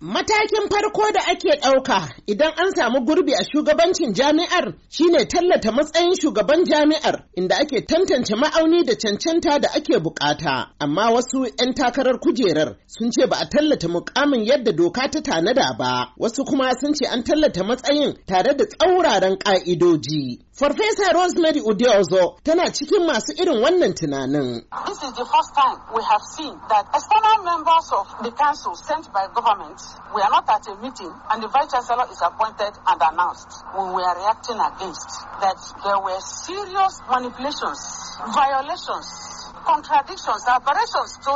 Matakin farko da ake ɗauka idan an samu gurbi a shugabancin jami'ar shine tallata matsayin shugaban jami'ar inda ake tantance ma'auni da cancanta da ake bukata. Amma wasu 'yan takarar kujerar sun ce ba a tallata mukamin yadda doka ta tanada ba, wasu kuma sun ce an tallata matsayin tare da tsauraran ƙa'idoji. Farfesa Rosemary Udiozo tana cikin masu irin wannan tunanin. This is the first time we have seen that external members of the council sent by government we are not at a meeting and the vice chancellor is appointed and announced. We were reacting against that there were serious manipulations, violations contradictions, aberrations to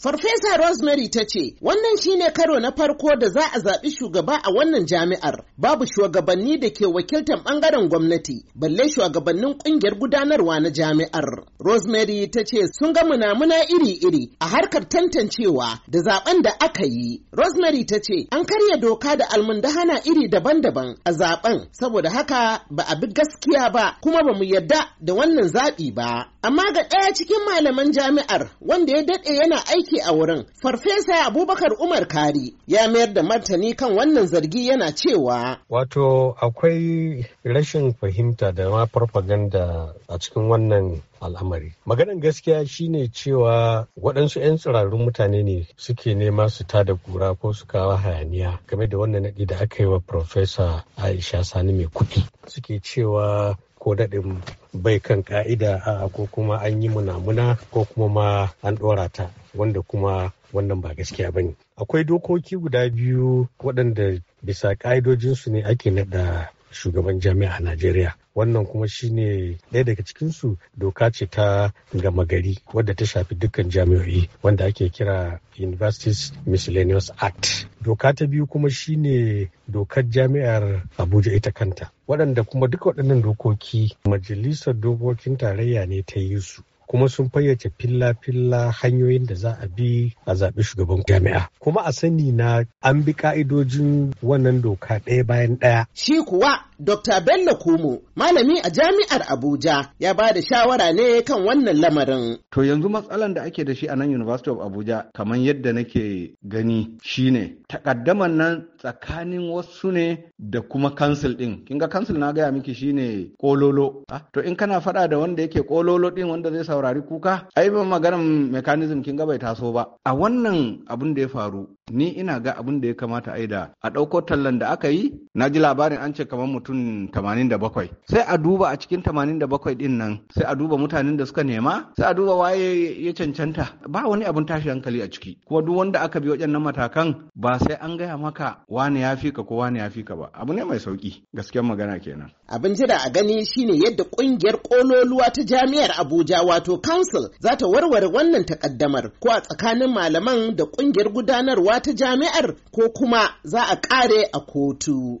Farfesa Rosemary ta ce, wannan shine karo na farko da za a zaɓi shugaba a wannan jami'ar. Babu shugabanni da ke wakiltar ɓangaren gwamnati, balle shugabannin ƙungiyar gudanarwa na jami'ar. Rosemary ta ce sun ga munamuna iri-iri a harkar tantancewa da zaɓen da aka yi. Rosemary ta ce an karya doka da almundahana iri daban-daban a zaɓen saboda haka ba a bi gaskiya ba kuma ba mu yarda da wannan zaɓi ba. Amma ga ɗaya cikin malamai malaman jami'ar wanda ya daɗe yana aiki a wurin farfesa abubakar umar kari ya mayar da martani kan wannan zargi yana cewa wato akwai rashin fahimta da ma propaganda a cikin wannan al'amari maganan gaskiya shine cewa waɗansu 'yan tsirarun mutane ne suke nema su ta da kura ko su kawo hayaniya game da wannan naɗi da aka yi wa Profesa aisha sani mai kuɗi suke cewa ko daɗin bai kan ka'ida ko kuma an yi munamuna ko kuma ma an ɗora ta wanda kuma wannan ba gaskiya ba ne. Akwai dokoki guda biyu waɗanda bisa ƙa'idojinsu ne ake naɗa shugaban jami'a a Najeriya. Wannan kuma shine ɗaya daga cikinsu doka ce ta gama gari wadda ta shafi dukkan jami'o'i wanda ake kira Universities Miscellaneous Act. doka ta biyu kuma shine dokar jami'ar abuja ita kanta waɗanda kuma duka waɗannan dokoki majalisar dokokin tarayya ne ta yi su kuma sun fayyace filla-filla hanyoyin da za a bi a zaɓi shugaban jami'a. Kuma a sani na an bi ka'idojin wannan doka ɗaya bayan ɗaya. Shi kuwa Dr. Bello Kumo, malami a jami'ar Abuja, ya ba da shawara ne kan wannan lamarin. To yanzu matsalan da ake da shi a nan University of Abuja, kamar yadda nake gani shine takaddaman nan tsakanin wasu ne da kuma kansil ɗin. Kin ga kansil na gaya miki shine kololo. Ah, to in kana faɗa da wanda yake kololo ɗin wanda zai saurari kuka, ai ban maganan mekanizm kin ga bai taso ba. A wannan abin da ya faru, ni ina ga abin da ya kamata a yi da. a ɗauko tallan da aka yi, na ji labarin an ce kamar mutum mutum 87 sai a duba a cikin 87 din nan sai a duba mutanen da suka nema sai a duba waye ya cancanta ba wani abin tashi hankali a ciki kuma duk wanda aka bi waɗannan matakan ba sai an gaya maka wani ya fi ka ko wani ya fi ka ba abu ne mai sauki gaskiyar magana kenan abin jira a gani shine yadda kungiyar kololuwa ta jami'ar Abuja wato council za ta warware wannan takaddamar ko a tsakanin malaman da kungiyar gudanarwa ta jami'ar ko kuma za a kare a kotu